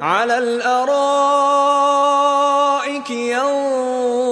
على الأرائك ينظرون